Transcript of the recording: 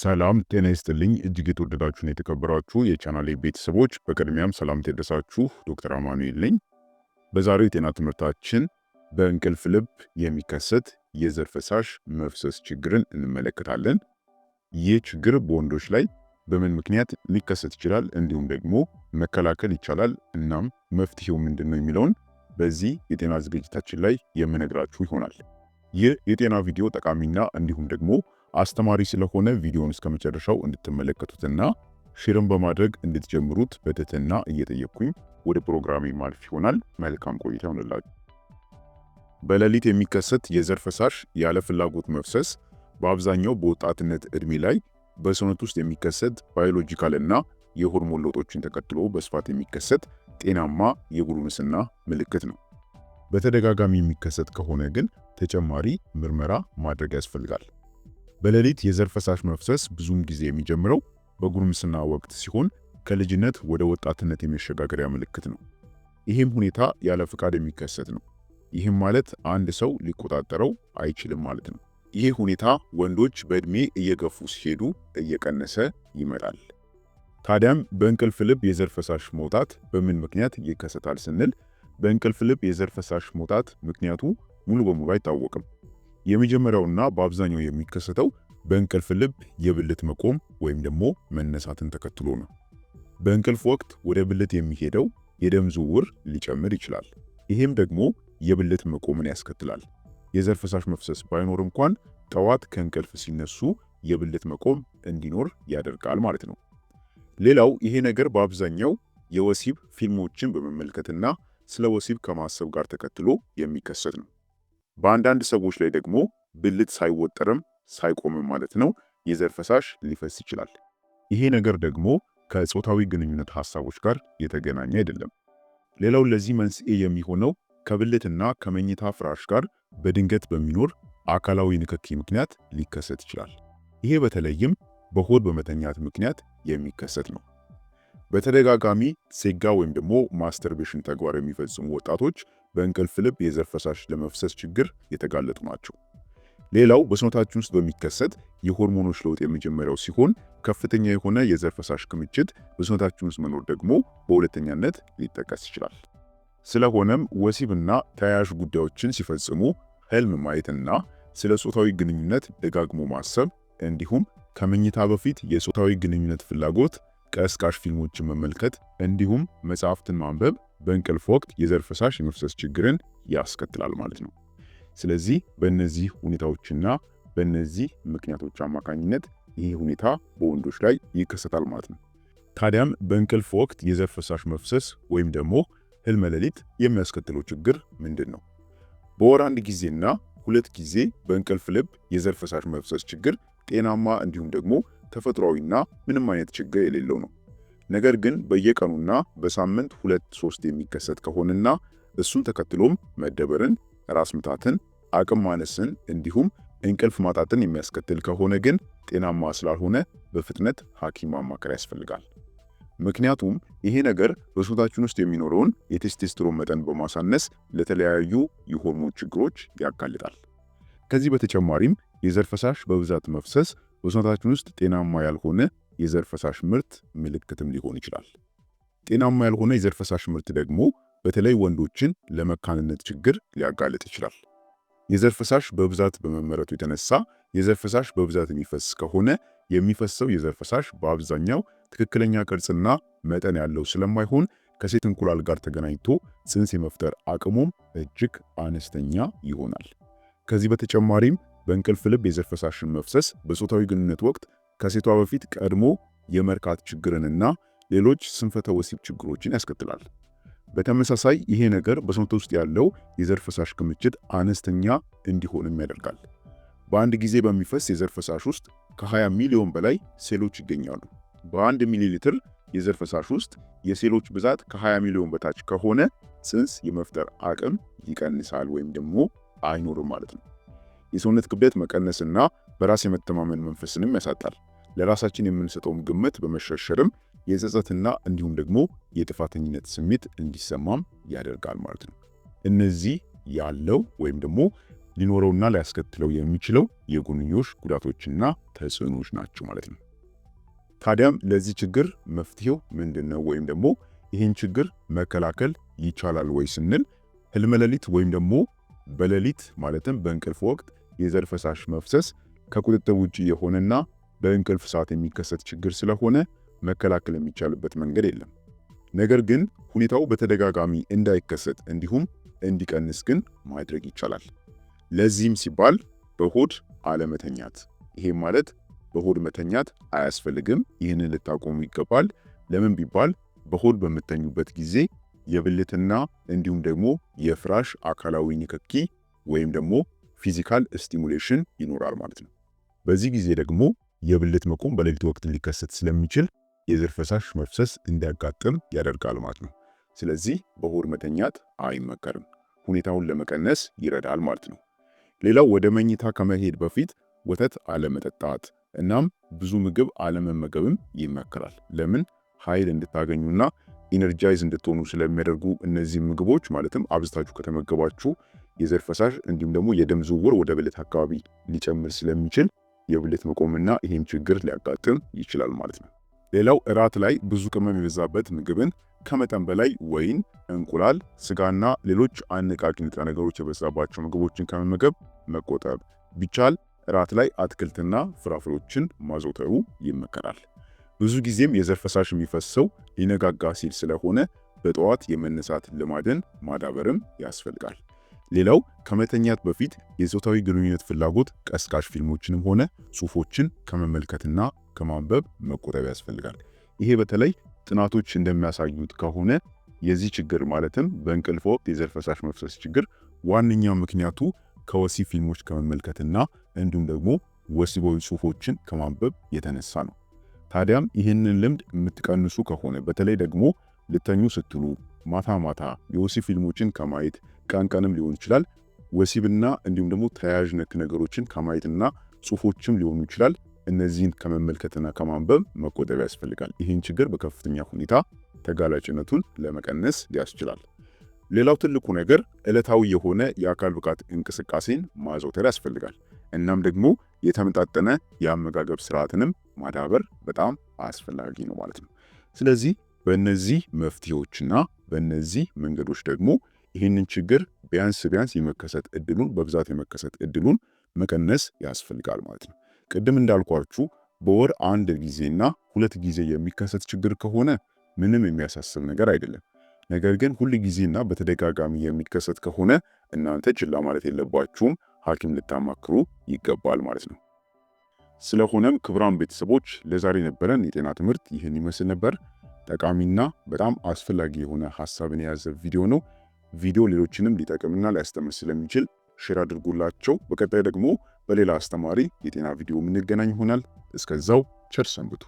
ሰላም ጤና ይስጥልኝ እጅግ የተወደዳችሁን የተከበራችሁ የቻናሌ ቤተሰቦች፣ በቅድሚያም ሰላም ተደረሳችሁ። ዶክተር አማኑኤል ነኝ። በዛሬው የጤና ትምህርታችን በእንቅልፍ ልብ የሚከሰት የዘር ፈሳሽ መፍሰስ ችግርን እንመለከታለን። ይህ ችግር በወንዶች ላይ በምን ምክንያት ሊከሰት ይችላል፣ እንዲሁም ደግሞ መከላከል ይቻላል፣ እናም መፍትሄው ምንድን ነው የሚለውን በዚህ የጤና ዝግጅታችን ላይ የምነግራችሁ ይሆናል። ይህ የጤና ቪዲዮ ጠቃሚና እንዲሁም ደግሞ አስተማሪ ስለሆነ ቪዲዮውን እስከ መጨረሻው እንድትመለከቱትና ሼርም በማድረግ እንድትጀምሩት በትህትና እየጠየቅኩኝ ወደ ፕሮግራሜ ማለፍ ይሆናል። መልካም ቆይታ ይሁንላችሁ። በሌሊት የሚከሰት የዘር ፈሳሽ ያለ ፍላጎት መፍሰስ በአብዛኛው በወጣትነት ዕድሜ ላይ በሰውነት ውስጥ የሚከሰት ባዮሎጂካል እና የሆርሞን ለውጦችን ተከትሎ በስፋት የሚከሰት ጤናማ የጉርምስና ምልክት ነው። በተደጋጋሚ የሚከሰት ከሆነ ግን ተጨማሪ ምርመራ ማድረግ ያስፈልጋል። በሌሊት የዘር ፈሳሽ መፍሰስ ብዙም ጊዜ የሚጀምረው በጉርምስና ወቅት ሲሆን ከልጅነት ወደ ወጣትነት የመሸጋገሪያ ምልክት ነው። ይህም ሁኔታ ያለ ፍቃድ የሚከሰት ነው። ይህም ማለት አንድ ሰው ሊቆጣጠረው አይችልም ማለት ነው። ይህ ሁኔታ ወንዶች በእድሜ እየገፉ ሲሄዱ እየቀነሰ ይመጣል። ታዲያም በእንቅልፍ ልብ የዘር ፈሳሽ መውጣት በምን ምክንያት ይከሰታል ስንል በእንቅልፍ ልብ የዘር ፈሳሽ መውጣት ምክንያቱ ሙሉ በሙሉ አይታወቅም። የመጀመሪያውና በአብዛኛው የሚከሰተው በእንቅልፍ ልብ የብልት መቆም ወይም ደግሞ መነሳትን ተከትሎ ነው። በእንቅልፍ ወቅት ወደ ብልት የሚሄደው የደም ዝውውር ሊጨምር ይችላል። ይህም ደግሞ የብልት መቆምን ያስከትላል። የዘር ፈሳሽ መፍሰስ ባይኖር እንኳን ጠዋት ከእንቅልፍ ሲነሱ የብልት መቆም እንዲኖር ያደርጋል ማለት ነው። ሌላው ይሄ ነገር በአብዛኛው የወሲብ ፊልሞችን በመመልከትና ስለ ወሲብ ከማሰብ ጋር ተከትሎ የሚከሰት ነው። በአንዳንድ ሰዎች ላይ ደግሞ ብልት ሳይወጠርም ሳይቆምም ማለት ነው የዘር ፈሳሽ ሊፈስ ይችላል። ይሄ ነገር ደግሞ ከጾታዊ ግንኙነት ሐሳቦች ጋር የተገናኘ አይደለም። ሌላው ለዚህ መንስኤ የሚሆነው ከብልትና ከመኝታ ፍራሽ ጋር በድንገት በሚኖር አካላዊ ንክኪ ምክንያት ሊከሰት ይችላል። ይሄ በተለይም በሆድ በመተኛት ምክንያት የሚከሰት ነው። በተደጋጋሚ ሴጋ ወይም ደግሞ ማስተርቤሽን ተግባር የሚፈጽሙ ወጣቶች በእንቅልፍ ልብ፣ የዘር ፈሳሽ ለመፍሰስ ችግር የተጋለጡ ናቸው። ሌላው በሰውነታችን ውስጥ በሚከሰት የሆርሞኖች ለውጥ የመጀመሪያው ሲሆን ከፍተኛ የሆነ የዘር ፈሳሽ ክምችት በሰውነታችን ውስጥ መኖር ደግሞ በሁለተኛነት ሊጠቀስ ይችላል። ስለሆነም ወሲብና ተያያዥ ጉዳዮችን ሲፈጽሙ ህልም ማየትና ስለ ጾታዊ ግንኙነት ደጋግሞ ማሰብ እንዲሁም ከመኝታ በፊት የጾታዊ ግንኙነት ፍላጎት ቀስቃሽ ፊልሞችን መመልከት እንዲሁም መጽሐፍትን ማንበብ በእንቅልፍ ወቅት የዘር ፈሳሽ የመፍሰስ ችግርን ያስከትላል ማለት ነው። ስለዚህ በእነዚህ ሁኔታዎችና በእነዚህ ምክንያቶች አማካኝነት ይህ ሁኔታ በወንዶች ላይ ይከሰታል ማለት ነው። ታዲያም በእንቅልፍ ወቅት የዘር ፈሳሽ መፍሰስ ወይም ደግሞ ህልመ ሌሊት የሚያስከትለው ችግር ምንድን ነው? በወር አንድ ጊዜና ሁለት ጊዜ በእንቅልፍ ልብ የዘር ፈሳሽ መፍሰስ ችግር ጤናማ እንዲሁም ደግሞ ተፈጥሯዊና ምንም አይነት ችግር የሌለው ነው። ነገር ግን በየቀኑና በሳምንት ሁለት ሶስት የሚከሰት ከሆነና እሱን ተከትሎም መደበርን፣ ራስ ምታትን፣ አቅም ማነስን እንዲሁም እንቅልፍ ማጣትን የሚያስከትል ከሆነ ግን ጤናማ ስላልሆነ በፍጥነት ሐኪም ማማከር ያስፈልጋል። ምክንያቱም ይሄ ነገር በሰውነታችን ውስጥ የሚኖረውን የቴስቴስትሮን መጠን በማሳነስ ለተለያዩ የሆርሞን ችግሮች ያጋልጣል። ከዚህ በተጨማሪም የዘር ፈሳሽ በብዛት መፍሰስ በሰውነታችን ውስጥ ጤናማ ያልሆነ የዘር ፈሳሽ ምርት ምልክትም ሊሆን ይችላል። ጤናማ ያልሆነ የዘር ፈሳሽ ምርት ደግሞ በተለይ ወንዶችን ለመካንነት ችግር ሊያጋልጥ ይችላል። የዘር ፈሳሽ በብዛት በመመረቱ የተነሳ የዘር ፈሳሽ በብዛት የሚፈስ ከሆነ የሚፈሰው የዘር ፈሳሽ በአብዛኛው ትክክለኛ ቅርጽና መጠን ያለው ስለማይሆን ከሴት እንቁላል ጋር ተገናኝቶ ጽንስ የመፍጠር አቅሙም እጅግ አነስተኛ ይሆናል። ከዚህ በተጨማሪም በእንቅልፍ ልብ የዘር ፈሳሽን መፍሰስ በጾታዊ ግንኙነት ወቅት ከሴቷ በፊት ቀድሞ የመርካት ችግርንና ሌሎች ስንፈተ ወሲብ ችግሮችን ያስከትላል። በተመሳሳይ ይሄ ነገር በሰውነት ውስጥ ያለው የዘር ፈሳሽ ክምችት አነስተኛ እንዲሆንም ያደርጋል። በአንድ ጊዜ በሚፈስ የዘር ፈሳሽ ውስጥ ከ20 ሚሊዮን በላይ ሴሎች ይገኛሉ። በአንድ ሚሊ ሊትር የዘር ፈሳሽ ውስጥ የሴሎች ብዛት ከ20 ሚሊዮን በታች ከሆነ ጽንስ የመፍጠር አቅም ይቀንሳል ወይም ደግሞ አይኖርም ማለት ነው። የሰውነት ክብደት መቀነስና በራስ የመተማመን መንፈስንም ያሳጣል። ለራሳችን የምንሰጠውም ግምት በመሸርሸርም የጸጸትና እንዲሁም ደግሞ የጥፋተኝነት ስሜት እንዲሰማም ያደርጋል ማለት ነው። እነዚህ ያለው ወይም ደግሞ ሊኖረውና ሊያስከትለው የሚችለው የጎንዮሽ ጉዳቶችና ተጽዕኖዎች ናቸው ማለት ነው። ታዲያም ለዚህ ችግር መፍትሄው ምንድን ነው? ወይም ደግሞ ይህን ችግር መከላከል ይቻላል ወይ ስንል ህልመሌሊት ወይም ደግሞ በሌሊት ማለትም በእንቅልፍ ወቅት የዘር ፈሳሽ መፍሰስ ከቁጥጥር ውጭ የሆነና በእንቅልፍ ሰዓት የሚከሰት ችግር ስለሆነ መከላከል የሚቻልበት መንገድ የለም። ነገር ግን ሁኔታው በተደጋጋሚ እንዳይከሰት እንዲሁም እንዲቀንስ ግን ማድረግ ይቻላል። ለዚህም ሲባል በሆድ አለመተኛት፣ ይሄም ማለት በሆድ መተኛት አያስፈልግም፣ ይህንን ልታቆሙ ይገባል። ለምን ቢባል በሆድ በምተኙበት ጊዜ የብልትና እንዲሁም ደግሞ የፍራሽ አካላዊ ንክኪ ወይም ደግሞ ፊዚካል ስቲሙሌሽን ይኖራል ማለት ነው። በዚህ ጊዜ ደግሞ የብልት መቆም በሌሊት ወቅት ሊከሰት ስለሚችል የዘር ፈሳሽ መፍሰስ እንዲያጋጥም ያደርጋል ማለት ነው። ስለዚህ በሆድ መተኛት አይመከርም። ሁኔታውን ለመቀነስ ይረዳል ማለት ነው። ሌላው ወደ መኝታ ከመሄድ በፊት ወተት አለመጠጣት እናም ብዙ ምግብ አለመመገብም ይመከራል። ለምን? ኃይል እንድታገኙና ኢነርጃይዝ እንድትሆኑ ስለሚያደርጉ እነዚህ ምግቦች ማለትም አብዝታችሁ ከተመገባችሁ የዘር ፈሳሽ እንዲሁም ደግሞ የደም ዝውውር ወደ ብልት አካባቢ ሊጨምር ስለሚችል የብልት መቆምና ይህም ችግር ሊያጋጥም ይችላል ማለት ነው። ሌላው እራት ላይ ብዙ ቅመም የበዛበት ምግብን ከመጠን በላይ ወይን፣ እንቁላል፣ ስጋና ሌሎች አነቃቂ ንጥረ ነገሮች የበዛባቸው ምግቦችን ከመመገብ መቆጠብ ቢቻል እራት ላይ አትክልትና ፍራፍሬዎችን ማዘውተሩ ይመከራል። ብዙ ጊዜም የዘር ፈሳሽ የሚፈሰው ሊነጋጋ ሲል ስለሆነ በጠዋት የመነሳት ልማድን ማዳበርም ያስፈልጋል። ሌላው ከመተኛት በፊት የጾታዊ ግንኙነት ፍላጎት ቀስቃሽ ፊልሞችንም ሆነ ጽሁፎችን ከመመልከትና ከማንበብ መቆጠብ ያስፈልጋል። ይሄ በተለይ ጥናቶች እንደሚያሳዩት ከሆነ የዚህ ችግር ማለትም በእንቅልፍ ወቅት የዘር ፈሳሽ መፍሰስ ችግር ዋነኛው ምክንያቱ ከወሲብ ፊልሞች ከመመልከትና እንዲሁም ደግሞ ወሲባዊ ጽሁፎችን ከማንበብ የተነሳ ነው። ታዲያም ይህንን ልምድ የምትቀንሱ ከሆነ በተለይ ደግሞ ልተኙ ስትሉ ማታ ማታ የወሲብ ፊልሞችን ከማየት ቀን ቀንም ሊሆን ይችላል። ወሲብና እንዲሁም ደግሞ ተያያዥ ነክ ነገሮችን ከማየትና ጽሁፎችም ሊሆኑ ይችላል። እነዚህን ከመመልከትና ከማንበብ መቆጠብ ያስፈልጋል። ይህን ችግር በከፍተኛ ሁኔታ ተጋላጭነቱን ለመቀነስ ሊያስችላል። ሌላው ትልቁ ነገር ዕለታዊ የሆነ የአካል ብቃት እንቅስቃሴን ማዘውተር ያስፈልጋል። እናም ደግሞ የተመጣጠነ የአመጋገብ ስርዓትንም ማዳበር በጣም አስፈላጊ ነው ማለት ነው። ስለዚህ በእነዚህ መፍትሄዎችና በእነዚህ መንገዶች ደግሞ ይህንን ችግር ቢያንስ ቢያንስ የመከሰት እድሉን በብዛት የመከሰት እድሉን መቀነስ ያስፈልጋል ማለት ነው። ቅድም እንዳልኳችሁ በወር አንድ ጊዜና ሁለት ጊዜ የሚከሰት ችግር ከሆነ ምንም የሚያሳስብ ነገር አይደለም። ነገር ግን ሁል ጊዜና በተደጋጋሚ የሚከሰት ከሆነ እናንተ ችላ ማለት የለባችሁም፣ ሐኪም ልታማክሩ ይገባል ማለት ነው። ስለሆነም ክቡራን ቤተሰቦች ለዛሬ ነበረን የጤና ትምህርት ይህን ይመስል ነበር። ጠቃሚና በጣም አስፈላጊ የሆነ ሀሳብን የያዘ ቪዲዮ ነው። ቪዲዮ ሌሎችንም ሊጠቅምና ሊያስተምር ስለሚችል ሼር አድርጉላቸው። በቀጣይ ደግሞ በሌላ አስተማሪ የጤና ቪዲዮ የምንገናኝ ይሆናል። እስከዛው ቸር ሰንብቱ።